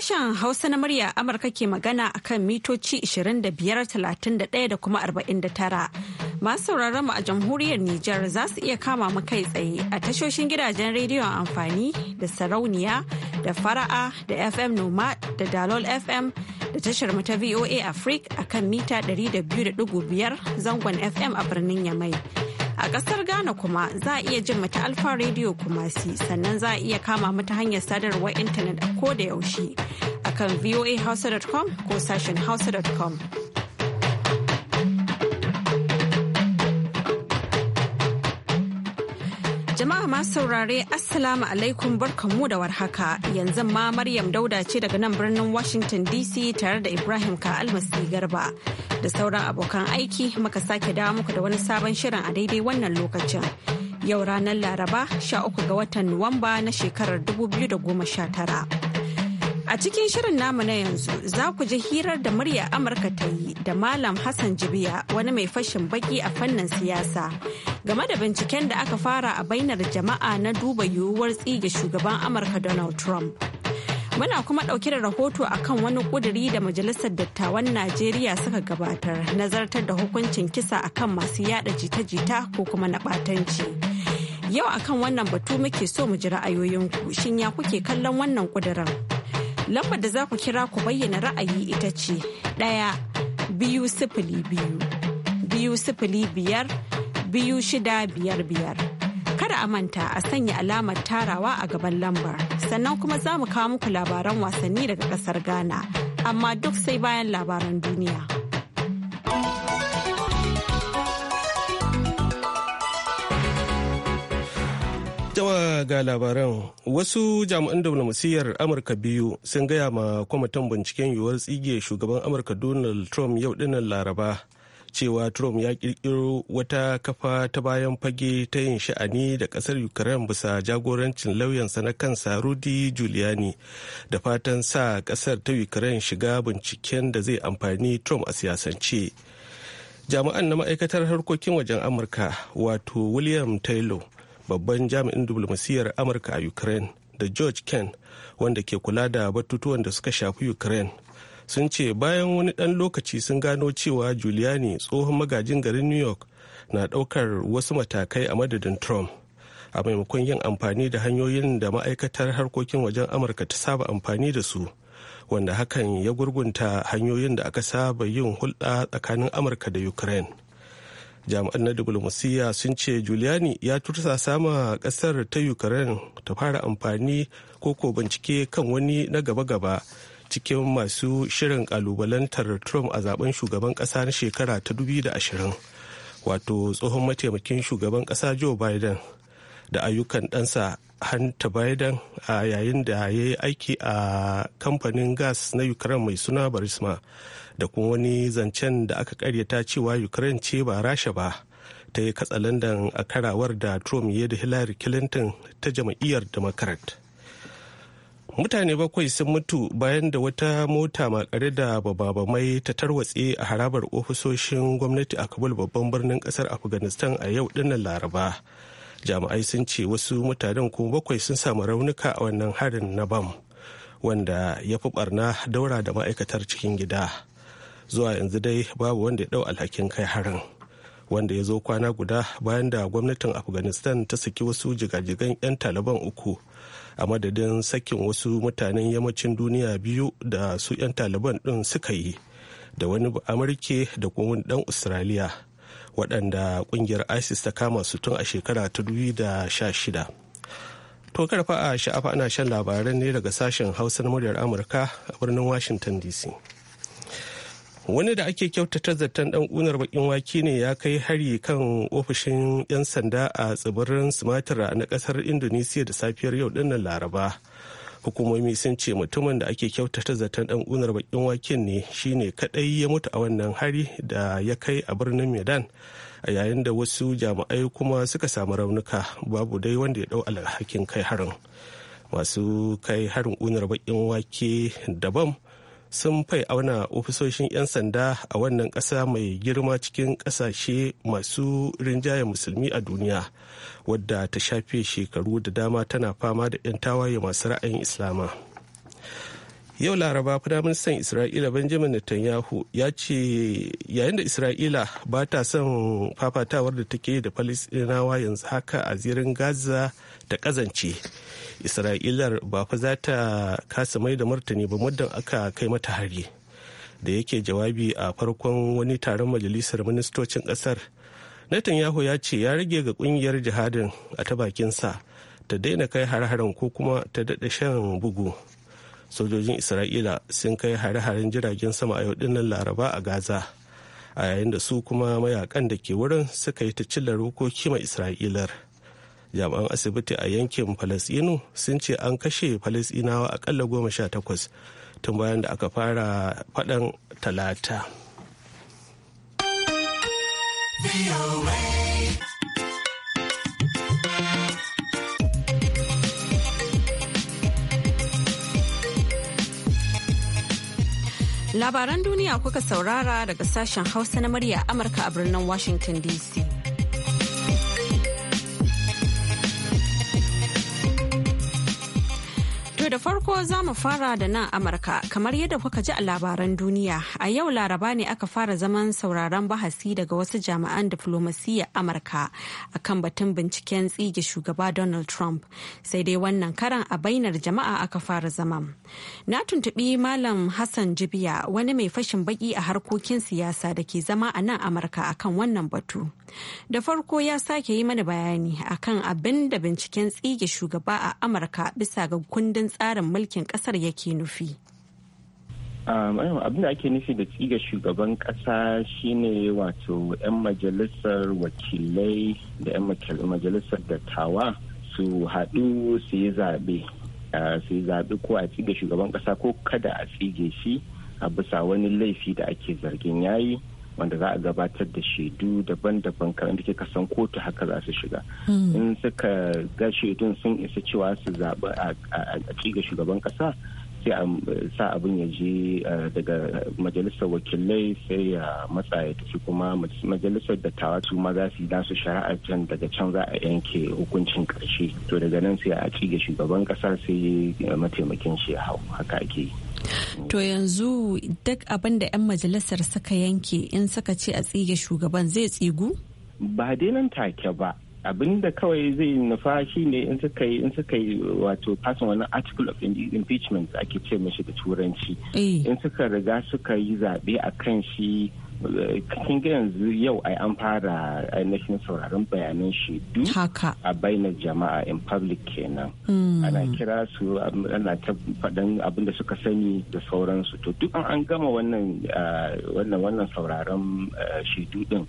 Sashen Hausa na murya Amurka ke magana a kan mitoci 25,31 da kuma 49. Masu sauraron mu a jamhuriyar Nijar za su iya kama mu kai tsaye a tashoshin gidajen rediyon amfani da sarauniya da fara'a da FM Noma da Dalol FM da tashar mu ta VOA Africa kan mita 200.5 zangon FM a birnin Yamai. A kasar Ghana kuma za a iya jin mata Alfa Radio Kumasi sannan za a iya kama mata hanyar sadarwar intanet a ko da yaushe akan voahausa.com ko sashen hausa.com. Jama'a masu saurare Assalamu alaikum barkanmu da warhaka yanzu ma Maryam Dauda ce daga nan birnin Washington DC tare da Ibrahim Ka'almasi Garba da sauran abokan aiki muka sake dawo muku da wani sabon shirin a daidai wannan lokacin. Yau ranar Laraba 13 ga watan Nuwamba na shekarar 2019. A cikin shirin namu na yanzu za ku ji hirar da murya Amurka ta yi da Malam Hassan Jibiya wani mai fashin baki a fannin siyasa game da binciken da aka fara a bainar jama'a na duba yiwuwar tsige shugaban Amurka Donald Trump. Muna kuma ɗauke da rahoto akan wani ƙudiri da Majalisar Dattawan Najeriya suka gabatar nazartar da hukuncin kisa akan masu yada jita-jita ko kuma na ɓatanci. Yau akan wannan batu muke so mu ji ra'ayoyinku shin ya kuke kallon wannan kudurin Lambar da za ku kira ku bayyana ra'ayi ita ce ɗaya biyu sifili biyu biyu sifili biyar biyu shida biyar biyar. Kada a manta a sanya alamar tarawa a gaban lambar sannan kuma za mu kawo muku labaran wasanni daga ƙasar Ghana amma duk sai bayan labaran duniya. ga labaran wasu jami'an diflomasiyyar Amurka biyu sun gaya ma kwamitin binciken yiwuwar tsige shugaban Amurka Donald Trump yau dinnan Laraba cewa Trump ya kirkiro wata kafa ta bayan fage ta yin sha'ani da kasar Ukraine bisa jagorancin lauyansa na kansa Rudy Giuliani da fatan sa kasar ta Ukraine shiga binciken da zai amfani Trump a siyasance. Jami'an na ma'aikatar harkokin wajen Amurka wato William Taylor babban jami'in diplomasiyyar amurka a ukraine da george ken wanda ke kula da batutuwan da suka shafi ukraine sun ce bayan wani ɗan lokaci sun gano cewa giuliani tsohon magajin garin new york na ɗaukar wasu matakai a madadin trump a maimakon yin amfani da hanyoyin da ma'aikatar harkokin wajen amurka ta saba amfani da su wanda hakan ya gurgunta hanyoyin da aka saba yin hulɗa tsakanin amurka da ukraine jami'an na diplomasiyya sun ce giuliani ya tursa sama kasar ta ukraine ta fara amfani ko ko bincike kan wani na gaba-gaba cikin masu shirin kalubalantar trump a zaben shugaban kasa na shekara ta 2020 wato tsohon mataimakin shugaban kasa joe biden da ayyukan ɗansa hanta biden a yayin da ya yi aiki a kamfanin gas na ukraine mai suna barisma da kuma wani zancen da aka karyata cewa ukraine ce ba rasha ba ta yi katsalandan a karawar da trump ya da hillary clinton ta jam'iyyar democrat mutane bakwai sun mutu bayan da wata mota makare da bababamai ta tarwatse a harabar ofisoshin gwamnati a kabul babban birnin kasar afghanistan a yau dinnan laraba jami'ai sun ce wasu mutanen kuma bakwai sun samu raunuka a wannan harin na bam wanda ya fi barna daura da ma'aikatar cikin gida zuwa yanzu dai babu wanda ya dau alhakin kai harin wanda ya zo kwana guda bayan da gwamnatin afghanistan ta saki wasu jigajigan 'yan taliban uku a madadin sakin wasu mutanen yammacin duniya biyu da su 'yan taliban din suka yi da wani amurke da kuma dan australia waɗanda ƙungiyar isis ta kama su tun a shekara ta 2016 to karfa a sha'afa ana shan labaran ne daga sashen hausa na muryar amurka a birnin washington dc wani da ake kyautata zaton dan unar bakin wake ne ya kai hari kan ofishin 'yan sanda a tsibirin sumatra na kasar indonesiya da safiyar yau dinnan laraba hukumomi sun ce mutumin da ake kyautata zaton dan unar bakin wake ne shine kadai ya mutu a wannan hari da ya kai a birnin medan a yayin da wasu jami'ai kuma suka samu raunuka babu dai wanda ya dau alhakin kai harin masu kai harin unar bakin wake daban. sun fai auna ofisoshin 'yan sanda a wannan ƙasa mai girma cikin ƙasashe masu rinjayen musulmi a duniya wadda ta shafe shekaru da dama tana fama da 'yan tawaye masu ra'ayin islama yau laraba firaministan isra'ila benjamin netanyahu ya ce yayin da isra'ila ba ta son fafatawar da take da falisdinawa yanzu haka a zirin gaza ta kazance isra'ilar ba fa za ta kasa mai da martani ba muddin aka kai mata hari da yake jawabi a farkon wani taron majalisar ministocin kasar netanyahu ya ce ya rage ga kungiyar jihadin a ta bakinsa ta daina kai har-haren ko kuma ta daɗa shan bugu sojojin isra'ila sun kai hare-haren jiragen sama a yau dinnan laraba a gaza a yayin da su kuma mayakan da ke wurin suka yi ta cillar rokoki ma isra'ilar jami'an asibiti a yankin falasɗinu sun ce an kashe falasɗinawa akalla goma sha takwas tun bayan da aka fara faɗan talata Labaran duniya kuka saurara daga sashen Hausa na murya Amurka a birnin Washington DC. da farko za mu fara da nan Amurka kamar yadda kuka ji a labaran duniya a yau laraba ne aka fara zaman sauraron bahasi daga wasu jami'an diflomasiyya Amurka a kan batun binciken tsige shugaba Donald Trump sai dai wannan karan a bainar jama'a aka fara zaman. Na tuntubi Malam Hassan Jibiya wani mai fashin baki a harkokin siyasa da ke zama a nan Amurka a kan wannan batu. Da farko ya sake yi mana bayani akan abin da binciken tsige shugaba a Amurka bisa ga kundin tsarin tsarin mulkin ƙasar yake nufi. Um, abin da ake nufi da tsiga shugaban kasa shine wato 'yan majalisar wakilai da 'yan majalisar dattawa su haɗu su yi zaɓe su yi zaɓe ko a tsiga shugaban kasa ko kada a tsige shi a bisa wani laifi da ake zargin yayi wanda za a gabatar da shaidu daban-daban kan da ke kasan kotu haka za su shiga hmm. in suka ga shaidun sun isa cewa su zaɓi a ga shugaban ƙasa sai a sa abin ya je daga majalisar wakilai sai ya matsa ya tafi kuma majalisar dattawa su ma za su yi nasu shari'a can daga can za a yanke hukuncin karshe to daga nan sai a ga shugaban ƙasa sai mataimakin shi ya hau haka ake yi To yanzu duk abin da 'yan majalisar suka yanke in suka ce a tsige shugaban zai tsigu? Ba nan take ba, abin da kawai zai nufa shi ne in suka yi in suka yi wato fasin wani article of impeachment ake ce mashi da turanci eh. in suka riga suka yi zaɓe a kan shi eh, kin yanzu yau ai an fara ainihin sauraron bayanan shaidu a bainar jama'a in public kenan hmm. ana kira su ana ta faɗin abin da suka sani da sauransu to duk an gama eh, wannan wannan sauraron shaidu din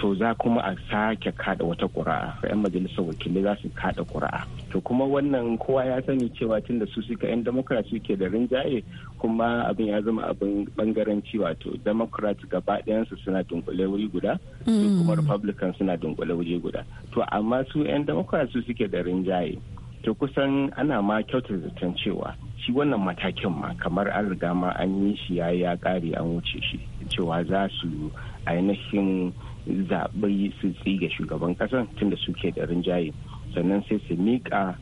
to za kuma a sake kada wata ƙuri'a yan majalisar wakilai za su kada ƙuri'a to kuma wannan kowa ya sani cewa tunda su suka yan suke da rinjaye kuma abin ya zama abin cewa to democrat gaba ɗayansu suna dunkule wuri guda su mm. kuma republican suna dunkule wuri guda to amma su yan democrat su suke da rinjaye to kusan ana ma kyautar zaton cewa shi wannan matakin ma kamar an riga ma an yi shi ya ya kare an wuce shi cewa za su ainihin zaɓi su tsige shugaban tun tunda suke da rinjaye sannan sai su miƙa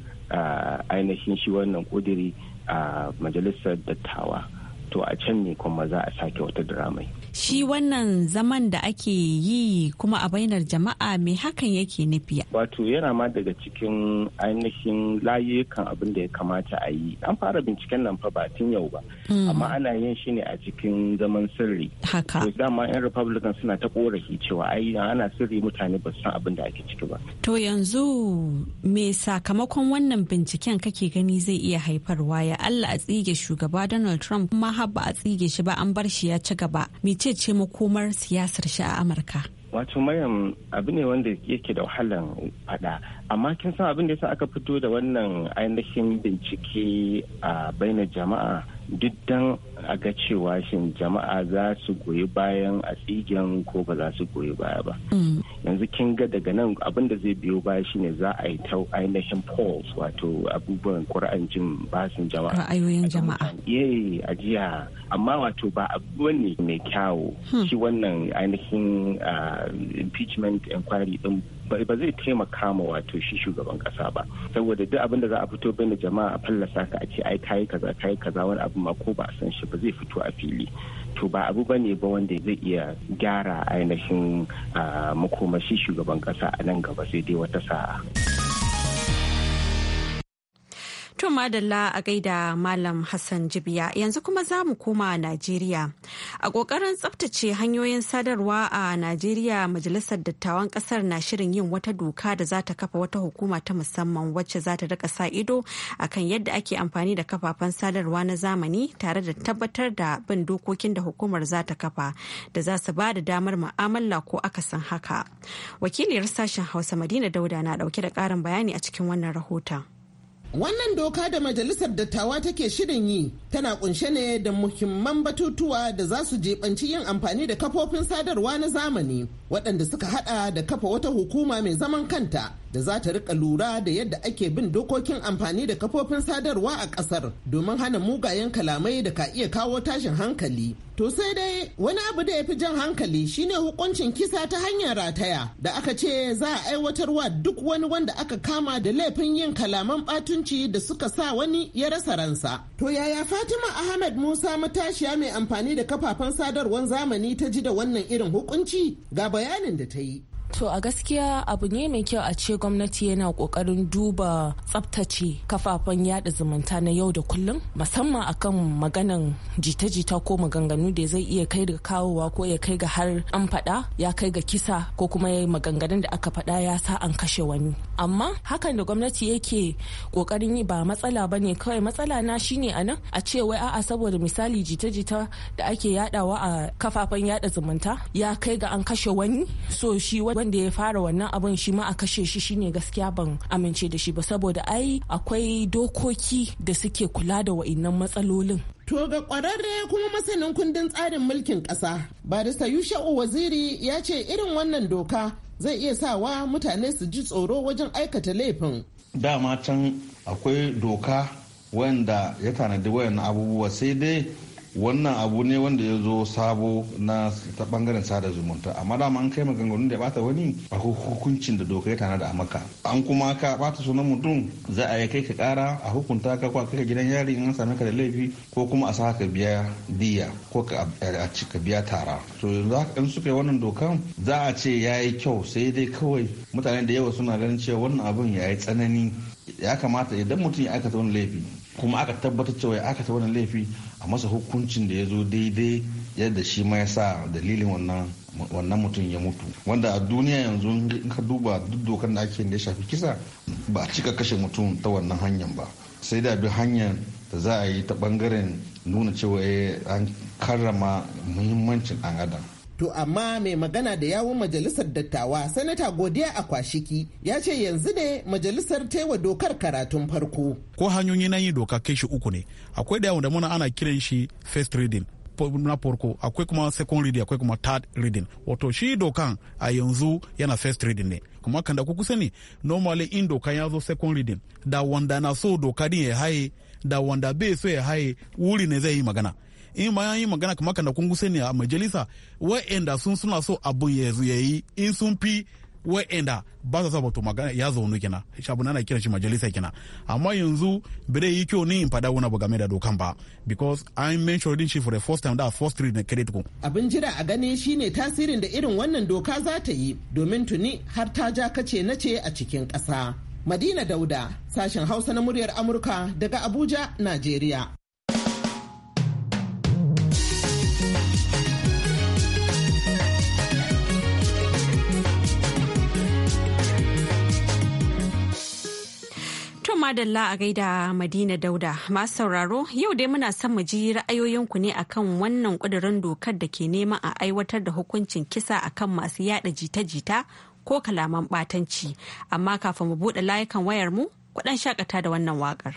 ainihin shi wannan ƙudiri a majalisar dattawa to a can ne kuma za a sake wata diramai. shi wannan zaman da ake yi kuma a bainar jama'a mai hakan yake nufi wato yana ma daga cikin ainihin layukan abin da ya kamata a yi an fara binciken nan fa ba tun yau ba hmm. amma ana yin shi ne a cikin zaman sirri haka to dama yan republican suna ta korafi cewa ai ana sirri mutane ba san abin da ake ciki ba to yanzu me sakamakon wannan binciken kake gani zai iya haifarwa ya Allah a tsige shugaba Donald Trump kuma har ba a tsige shi ba an bar shi ya ci gaba ce ce makomar siyasar shi a amurka wato mayan abu ne wanda yake da wahalan fada amma kin san abin da yasa aka fito da wannan ainihin bincike a bainar jama'a duk dan a ga cewa shin jama'a za su goyi bayan a tsigen ko ba za su goyi baya ba mm. yanzu kin ga daga nan abin da zai biyo baya shine za a yi ta ainihin polls wato abubuwan kur'an jin basin jama'a ra'ayoyin jama'a yayi ajiya amma wato ba abu ne mai kyawu hmm. shi wannan ainihin ah, impeachment inquiry din ba zai taimaka ma wato shi shugaban kasa ba saboda duk abin da za a fito bane jama'a a fallasa ka a ce ai kayi kaza kayi kaza wani abu ma ko ba a san shi ba zai fito a fili to ba abu bane ba wanda zai iya gyara ainihin ah, makomashi shugaban kasa a nan gaba sai dai wata sa'a. To madalla a gaida Malam Hassan Jibiya yanzu kuma za mu koma Najeriya. A ƙoƙarin tsabtace hanyoyin sadarwa a Najeriya Majalisar Dattawan ƙasar na shirin yin wata doka da za ta kafa wata hukuma ta musamman wacce za ta rika sa ido akan yadda ake amfani da kafafen sadarwa na zamani tare da tabbatar da bin dokokin da hukumar za ta kafa da za su ba da damar mu'amala ko akasin haka. Wakiliyar sashen Hausa Madina Dauda na ɗauke da ƙarin bayani a cikin wannan rahoton. Wannan doka da Majalisar Dattawa take shirin yi tana kunshe ne da muhimman batutuwa da za su jebanci yin amfani da kafofin sadarwa na zamani waɗanda suka hada da kafa wata hukuma mai zaman kanta da za ta rika lura da yadda ake bin dokokin amfani da kafofin sadarwa a ƙasar domin hana mugayen kalamai da ka iya kawo tashin hankali To sai dai wani abu da ya fi jan hankali shine hukuncin kisa ta hanyar rataya da aka ce za a aiwatarwa duk wani wanda aka kama da laifin yin kalaman batunci da suka sa wani ya rasa ransa. To yaya Fatima Ahmed Musa matashiya mai amfani da kafafen sadarwar zamani ta ji da wannan irin hukunci ga bayanin da ta yi. To a gaskiya abu ne mai kyau a ce gwamnati yana kokarin duba tsabtace kafafen yada zumunta na yau da kullum musamman akan maganan jita-jita ko maganganu da zai iya kai ga kawowa ko ya kai ga har an faɗa ya kai ga kisa ko kuma ya maganganun da aka faɗa ya sa an kashe wani. Amma hakan da gwamnati yake kokarin yi ba matsala ba ne kawai matsala na shine a nan a ce wai a'a saboda misali jita-jita da ake yadawa a kafafen yada zumunta ya kai ga an kashe wani so shi wanda ya fara wannan abin shi ma a kashe shi shine gaskiya ban amince da shi ba saboda ai akwai dokoki da suke kula da wa'innan matsalolin To ga kwararre kuma masanin kundin tsarin mulkin ƙasa, barista Yusha'u Waziri ya ce irin wannan doka zai iya sawa mutane su ji tsoro wajen aikata laifin. Dama can akwai doka wanda ya tanadi wayan abubuwa sai dai wannan abu ne wanda ya zo sabo na ta bangaren sada zumunta amma dama an kai maganganun da ya bata wani a hukuncin da doka ya tanada a maka an kuma ka bata sunan mutum za a yi kai ka kara a hukunta ka ko kai gidan yari in an same ka da laifi ko kuma a sa ka biya diya ko ka biya tara to yanzu in suka yi wannan dokan za a ce ya yi kyau sai dai kawai mutane da yawa suna ganin cewa wannan abun ya yi tsanani ya kamata idan mutum ya aikata wani laifi kuma aka tabbatar cewa ya aikata wani laifi a masa hukuncin da ya zo daidai yadda shi ma ya sa dalilin wannan mutum ya mutu wanda a duniya yanzu in ka duba duk dokan da ake da ya shafi kisa ba a cika kashe mutum ta wannan hanyar ba sai da bi hanyar da za a yi ta bangaren nuna cewa eh, an karrama muhimmancin dan adam To amma mai magana da yawun majalisar dattawa sanata godiya a kwashiki ya ce yanzu ne majalisar taiwa dokar karatun farko. Ko hanyoyi na yi doka kai shi uku ne akwai da yawon da muna ana kiran shi first reading na farko akwai kuma second reading akwai kuma third reading wato shi dokan a yanzu yana first reading ne kuma kan ku kusa ne normally in dokan ya zo second reading da wanda na so doka din ya haye da wanda bai so ya haye wuri ne zai yi magana in ma yi magana kamar kan da kun guse ne a majalisa wa'anda sun suna so abun ya yi in sun fi wa'anda ba su saba magana ya zaunu kina shabu na kiran shi majalisa kina amma yanzu bare yi kyau ni in fada wani abu game da dokan ba because i mentioned shi for the first time that first three na credit ko abin jira a gani shine tasirin da irin wannan doka za ta yi domin tuni har ta ja kace ce a cikin ƙasa madina dauda sashen hausa na muryar amurka daga abuja najeriya madalla a gaida Madina Dauda masu sauraro yau dai muna son mu ji ra'ayoyinku ne akan wannan ƙudurin dokar da ke neman a aiwatar da hukuncin kisa akan masu yada jita-jita ko kalaman ɓatanci amma kafin mu buɗe layukan wayar mu kuɗan shakata da wannan waƙar.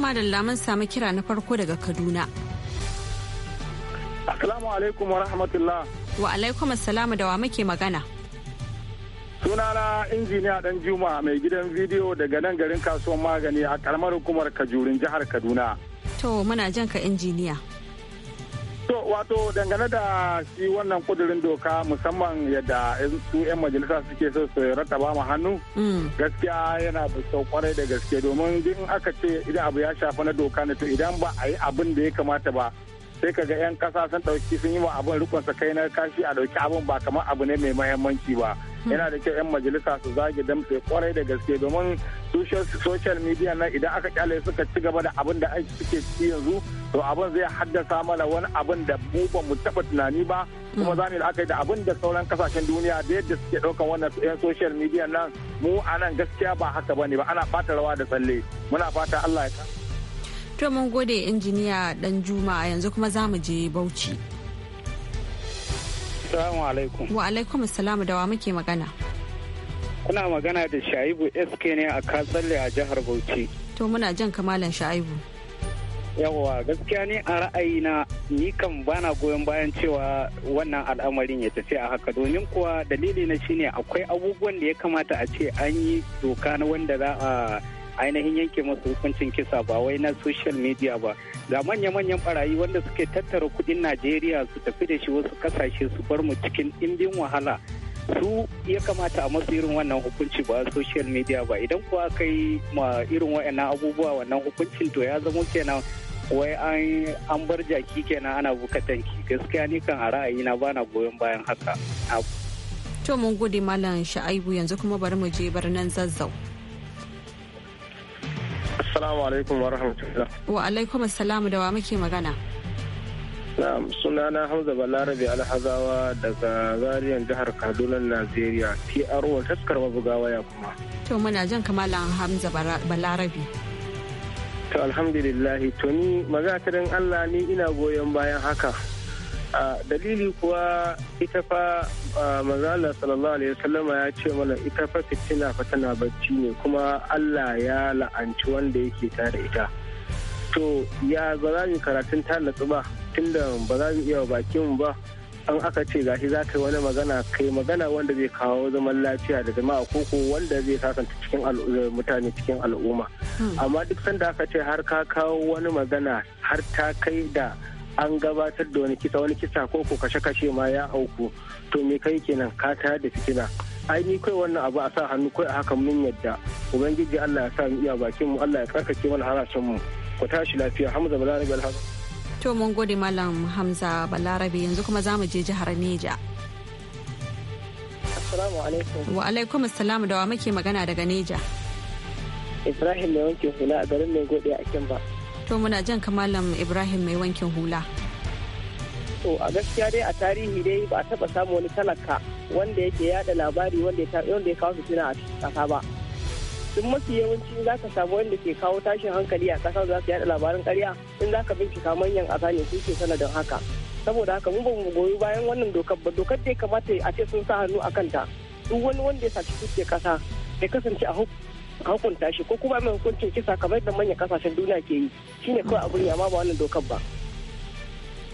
ma da lamun samu kira na farko daga Kaduna. Assalamu alaikum wa rahmatullah. Wa alaikum assalamu da wa muke magana. Sunana injiniya dan Juma mai gidan bidiyo daga nan garin kasuwan magani a karamar hukumar Kajurin jihar Kaduna. To muna jan ka injiniya. So wato dangane da shi wannan kudurin doka musamman yadda su 'yan majalisa suke so su rataba mu hannu mm. gaskiya yana da sau kwarai da gaske domin in aka ce idan abu ya shafa na doka ne to idan ba a yi abin da ya kamata ba sai ka ga 'yan kasa sun ɗauki sun yi wa abin rikon kai na kashi a ɗauki abin ba kamar abu ne mai mahimmanci ba. yana da kyau 'yan majalisa su zage damfe kwarai da gaske domin social media na idan aka kyale suka ci gaba da abin da suke ci yanzu to abin zai haddasa mana wani abin da mu ba mu taba tunani ba kuma za mu yi da abin da sauran kasashen duniya da yadda suke ɗaukan wannan yan social media nan mu a nan gaskiya ba haka bane ba ana fata rawa da tsalle muna fata Allah ya to mun gode injiniya dan juma yanzu kuma za mu je bauchi Assalamu alaikum. Wa alaikum assalamu da wa muke magana. Kuna magana da Shaibu SK ne a Katsalle a jihar Bauchi. To muna jan kamalan Shaibu. Yawwa gaskiya ne a ra'ayina ni kan bana goyon bayan cewa wannan al'amarin ya tafi a haka domin kuwa dalili na shine akwai abubuwan da ya kamata a ce an yi doka na wanda za a ainihin yanke masu hukuncin kisa ba wai na social media ba ga manya-manyan barayi wanda suke tattara kudin najeriya su tafi da shi wasu kasashe su bar mu cikin indin wahala su ya kamata a masu irin wannan hukunci ba social media ba idan kuwa kai yi ma irin wa'annan abubuwa wannan hukuncin to ya zama kenan wai an bar jaki kenan ana bukatan ki gaskiya ni kan a ra'ayi ra'ayina bana goyon bayan haka to mun gode malam sha'aibu yanzu kuma bari mu je birnin zazzau Assalamu alaikum wa rahmatullah. Wa alaikum da wa muke magana. Na'am sunana Hamza Balarabe Alhazawa daga Zariyan jihar Kaduna Najeriya PRO taskar mabugawa ya kuma. To muna jan kamalan Hamza Balarabe. To alhamdulillah to ni magatarin Allah ni ina goyon bayan haka. dalili kuwa ita fa manzala sallallahu alaihi wasallama ya ce mana ita fa fitina fa tana bacci ne kuma Allah ya la'anci wanda yake tare ita to ya ba za mu karatun ta natsu ba tunda ba za mu iya bakin ba an aka ce gashi za ka yi wani magana kai magana wanda zai kawo zaman lafiya da jama'a ko wanda zai kasanta cikin eh, mutane cikin al'umma hmm. amma duk sanda aka ce har ka kawo wani magana har ta kai da an gabatar da wani kisa wani kisa ko ko kashe-kashe ma ya auku to me kai kenan ka tayar da fitina ai ni kai wannan abu a sa hannu kai a haka mun yadda ubangiji Allah ya sa mu iya bakin mu Allah ya karkace mana harashin mu ku tashi lafiya Hamza Balarabe Alhamdu to mun gode malam Hamza Balarabe yanzu kuma za mu je jihar Neja Assalamu alaikum wa alaikum assalam da wa muke magana daga Neja Ibrahim mai wanke hula a garin mai gode a Kimba. to muna jan kamalan ibrahim mai wankin hula to a gaskiya dai a tarihi dai ba a taba samu wani talaka wanda yake yada labari wanda ya kawo fitina a kasa ba duk mafi yawanci za ka samu wanda ke kawo tashin hankali a kasa za su yada labarin karya in za ka bincika manyan ƙasa ne su ke sanadin haka saboda haka mun ba mu goyi bayan wannan dokar ba dokar da ya kamata a ce sun sa hannu a kanta duk wani wanda ya saci kuke kasa ya kasance a hukumar hukunta shi ko kuma mai hukuncin kisa kamar da manyan kasashen duniya ke yi shine kawai abin ya ba wannan dokar ba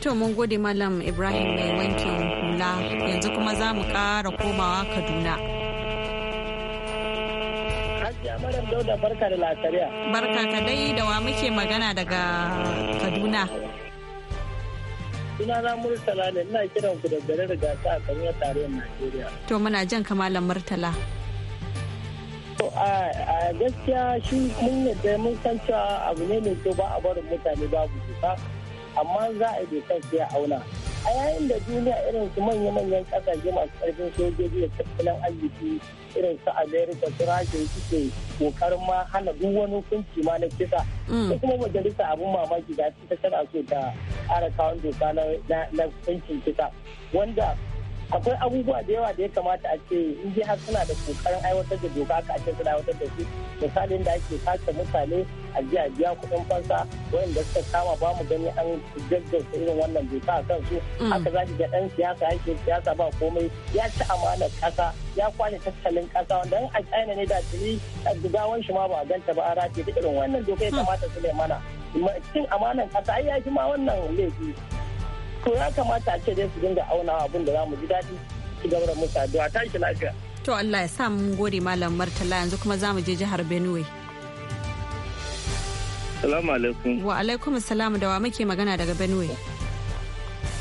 to mun gode malam ibrahim mai wankin hula yanzu kuma za mu kara komawa kaduna barka ka dai da wa muke magana daga kaduna Ina na murtala ne ina kiran ku da da gasa a kanyar tarayyar najeriya to muna jan kamalan murtala a gaskiya shi mun yadda mun san cewa abu ne mai kyau ba a barin mutane babu doka amma za a yi kan sai auna. A yayin da duniya irin su manya-manyan kasashe masu karfin sojoji da tattalin arziki irin su Amerika su Rasha suke kokarin ma hana duk wani hukunci ma na kisa. Ko mm. kuma majalisa abun mamaki da ta tana so ta ƙara kawon doka na hukuncin kisa wanda akwai abubuwa da yawa da ya kamata a ce in ji har suna da kokarin aiwatar da doka ka ce suna aiwatar da su misalin da ake sace mutane a jiya biya kuɗin fansa wanda suka kama ba mu gani an jaggauta irin wannan doka a su mm. haka za ki ga ɗan siyasa yake siyasa ba komai ya ci amanar ƙasa ya kwale tattalin ƙasa wanda a China ne da tuni gawan shi ma ba a ganta ba a rafe irin wannan doka ya mm. kamata su ne mana cin amanar ƙasa ai ya ma wannan laifi to ya kamata a ce dai su dinga aunawa abin da za mu ji daɗi su musa da ta shi lafiya to Allah ya sa mun gode malam Murtala yanzu kuma za mu je jihar Benue Salamu alaikum. Wa alaikum salam da wa muke magana daga Benue.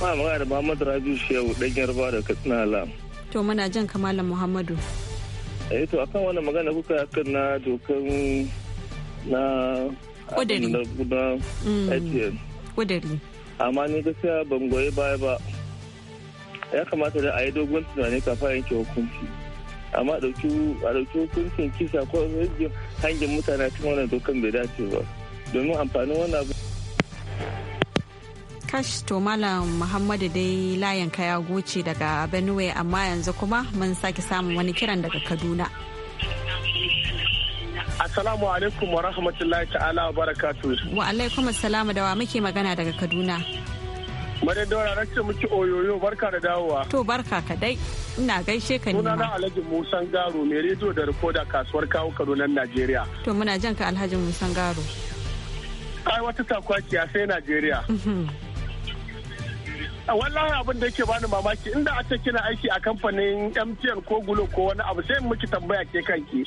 Ma magana da muhammad rabi Shehu dan ba da Katsina Alam. To muna jan malam Muhammadu. Eh to akan wannan magana kuka akan na dokan na Kudari. Na Kudari. amma ni gaskiya ban goyi baya ba ya kamata da a yi dogon tunani kafin yanke hukunci amma a ɗauki hukuncin kisa ko rage hangin mutane cikin wannan dokan bai dace ba domin amfanin wannan abu kash to malam muhammadu dai layan ya goce daga benue amma yanzu kuma mun sake samun wani kiran daga kaduna Assalamu alaikum wa rahmatullahi ta'ala wa barakatu. Wa alaikum assalamu da wa muke magana daga Kaduna. Maryam Daura na ce miki oyoyo barka da dawowa. To barka ka dai. Ina gaishe ka nima. Sunana Alhaji Musan Garo mai rediyo da rikoda kasuwar kawo Kaduna Najeriya. To muna jan ka Alhaji Musan Garo. Ai wata takwakiya sai Najeriya. Mhm. wallahi abin da yake bani mamaki inda a ce kina aiki a kamfanin MTN ko Glo ko wani abu sai miki tambaya ke kanki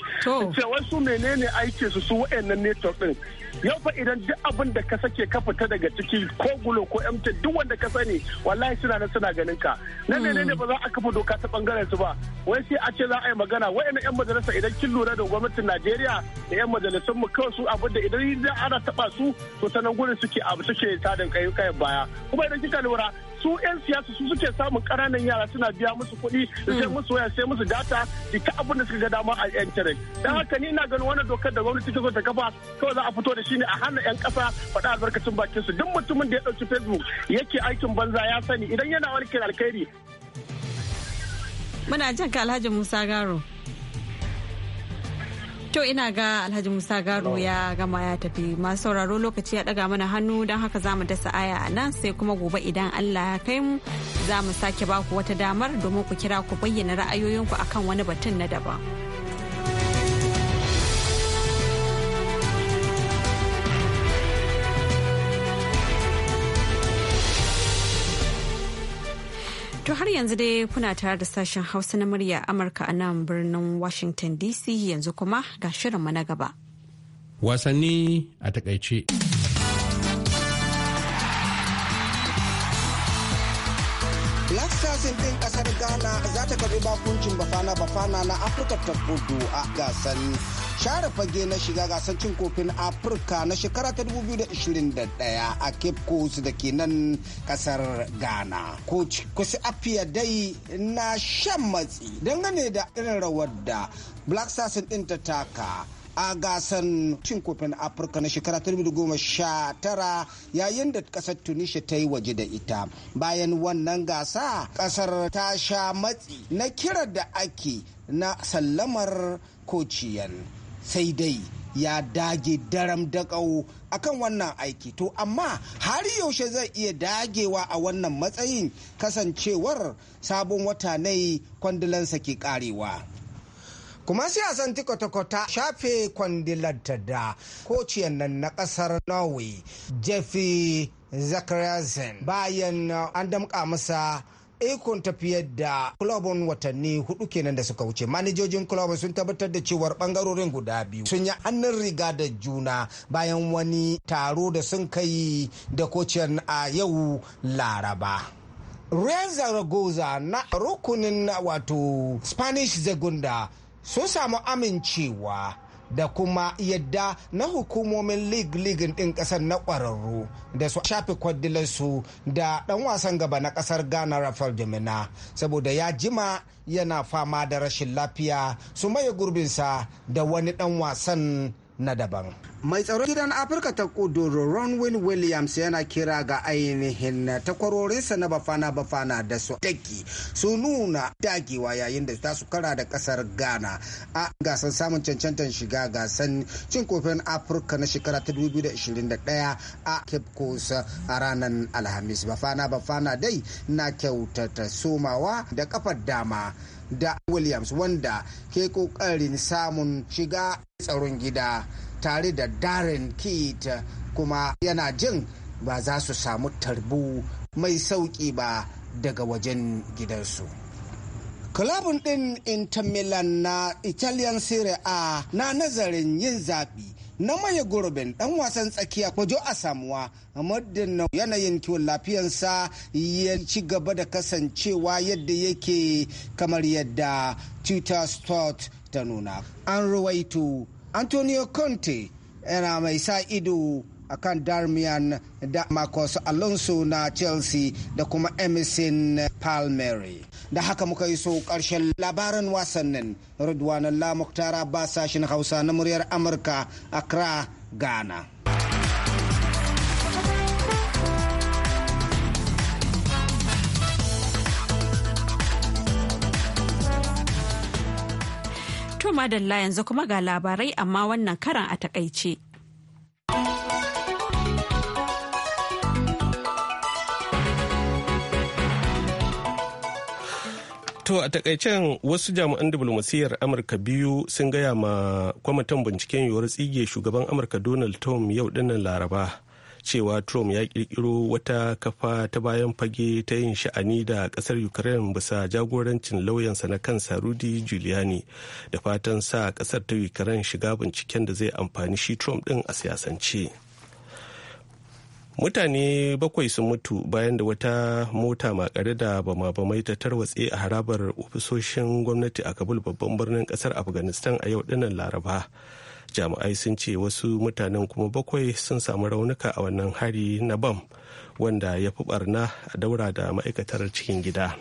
ce wasu menene aiki su su wayannan network din yau fa idan duk abin da ka sake ka fita daga ciki ko Glo ko MTN duk wanda ka sani wallahi suna nan suna ganin ka na hmm. menene ba za a kafa doka ta bangaren su ba wai sai a ce za a yi magana wayannan yan majalisa idan kin lura da gwamnatin Najeriya da yan majalisun mu kawai su abin da idan ana taba su to ta nan gurin suke abu suke tadin kai baya kuma idan kika lura su 'yan siyasa su suke samun ƙananan yara suna biya musu kuɗi da sai hmm. musu waya sai musu data da ta abin da suka ga dama a intanet dan haka ni ina ganin wannan dokar da gwamnati ta so ta kafa kawai za a fito da shi ne a hana 'yan ƙasa faɗa albarkacin bakin su duk mutumin da ya ɗauki facebook yake aikin banza ya sani idan yana wani alkhairi. Muna jin ka Alhaji Musa Garo. To ina ga Alhaji Musa garu ya gama ya tafi masu sauraro lokaci ya daga mana hannu don haka za mu dasa aya a nan sai kuma gobe idan Allah ya kai mu za mu sake baku wata damar domin ku kira ku bayyana ra'ayoyinku akan wani batun na daban. har yanzu dai kuna tare da sashen hausa na murya amurka a nan birnin washington dc yanzu kuma ga shirinmu na gaba wasanni a takaice. Bafana za ta karbi bakuncin Bafana Bafana na Afirka ta gudu a gasan share fage na shiga gasar cin kofin Afirka na shekara ta 2021 a Cape Coast da ke nan kasar Ghana. kusi Kwasi dai na shan matsi dangane da irin rawar da Black Stars ɗin ta taka. a gasar cin kofin afirka na shekara tara yayin da kasar tunisia ta yi waje da ita bayan wannan gasa kasar ta sha matsi na kira da ake na sallamar kociyan sai dai ya dage daram daƙau akan wannan aiki to amma har yaushe zai iya dagewa a wannan matsayin kasancewar sabon wata ne kwandulansa ke karewa kuma siyasan tikwatakwata shafe kwandilar da kociyan nan na kasar norway jeffrey zakarazin bayan an damka masa ikon tafiyar da kulobin watanni hudu kenan da suka wuce manajojin kulobin sun tabbatar da cewar bangarorin guda biyu sun yi hannun riga da juna bayan wani taro da sun kai da kocin a yau laraba Real Zaragoza na rukunin wato Spanish zagunda. sun samu amincewa da kuma yadda na hukumomin lig league ɗin ƙasar na ƙwararru da su shafi kwadilansu da ɗan wasan gaba na ƙasar ghana rafael jimina saboda ya jima yana fama da rashin lafiya su maye gurbinsa da wani ɗan wasan na daban. Mai tsaron gidan Afirka ta kudu Ronwin Williams yana kira ga ainihin takwarorinsa na bafana bafana da su daki su nuna dagewa yayin da ta su kara da kasar Ghana a gasar samun cancantar shiga gasar cin kofin Afirka na shekara ta 2021 a Cape Coast a ranar Alhamis. Bafana bafana dai na kyautata somawa da kafar dama. da williams wanda ke kokarin samun shiga tsaron gida tare da darren kit kuma yana jin ba za su samu tarbu mai sauki ba daga wajen gidansu kulabun ɗin inter milan na italian serie a na nazarin yin zaɓi na maye gurbin dan wasan tsakiya kwajo a samuwa muddin yanayin kiwon lafiyansa ya ci gaba da kasancewa yadda yake kamar yadda twitter sport ta nuna an ruwaito antonio conte yana mai sa ido akan darmian da marcos alonso na chelsea da kuma emerson palmieri da haka muka yi so karshen labaran wasannin ridwanan lamuktara ba sashen hausa na muryar amurka a accra ghana To madalla yanzu kuma ga labarai amma wannan karan a takaice. To a takaicen wasu jami'an diplomasiyyar Amurka biyu sun gaya ma kwamitin binciken yiwuwar tsige shugaban Amurka Donald Trump yau dinnan Laraba cewa Trump ya kirkiro wata kafa ta bayan fage ta yin sha'ani da kasar Ukraine bisa jagorancin lauyansa na kan Rudy Giuliani da fatan sa kasar ta Ukraine shiga binciken da zai amfani shi Trump din a siyasance. mutane bakwai sun mutu bayan da wata mota makare da bama ta tarwatse a harabar ofisoshin gwamnati a kabul babban birnin kasar afghanistan a yau dinar laraba jami'ai sun ce wasu mutanen kuma bakwai sun samu raunuka a wannan hari na bam wanda ya fi barna a daura da ma'aikatar cikin gida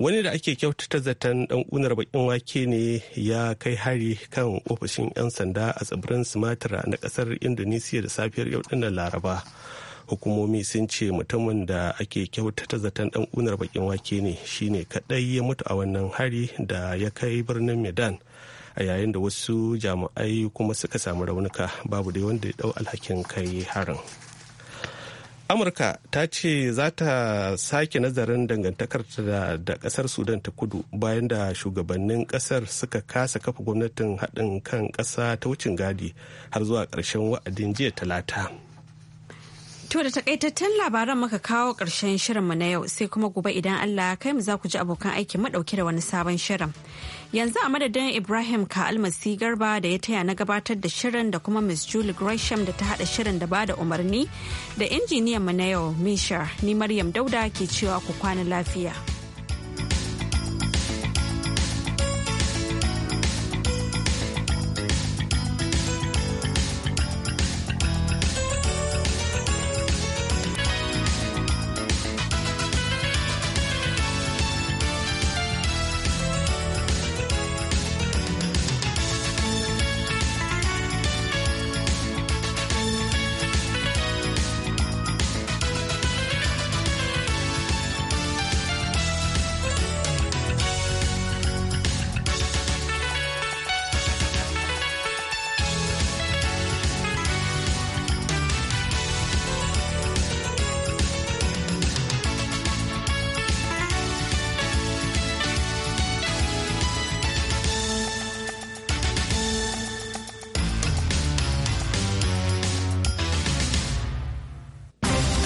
wani da ake kyautata zaton dan unar bakin wake ne ya kai hari kan ofishin 'yan sanda a tsibirin sumatra na kasar indonesiya da safiyar yau dinnan laraba hukumomi sun ce mutumin da ake kyautata zaton dan unar bakin wake ne shine kadai ya mutu a wannan hari da ya kai birnin medan a yayin da wasu jami'ai kuma suka samu raunuka babu dai wanda ya dau alhakin kai harin. amurka ta ce za ta sake nazarin dangantakarta da, da kasar sudan ta kudu bayan da shugabannin kasar suka kasa kafa gwamnatin haɗin kan ƙasa ta wucin gadi har zuwa ƙarshen wa'adin jiya talata To da takaitattun labaran muka kawo ƙarshen shirinmu na yau sai kuma gobe idan Allah ya kai mu za ku ji abokan aikin madauke da wani sabon shirin. Yanzu a madadin Ibrahim ka almasi garba da ya taya na gabatar da shirin da kuma ms Julie Gresham da ta haɗa shirin da ba da umarni da injiniyan mu na yau Misha ni Maryam Dauda ke cewa ku kwana lafiya.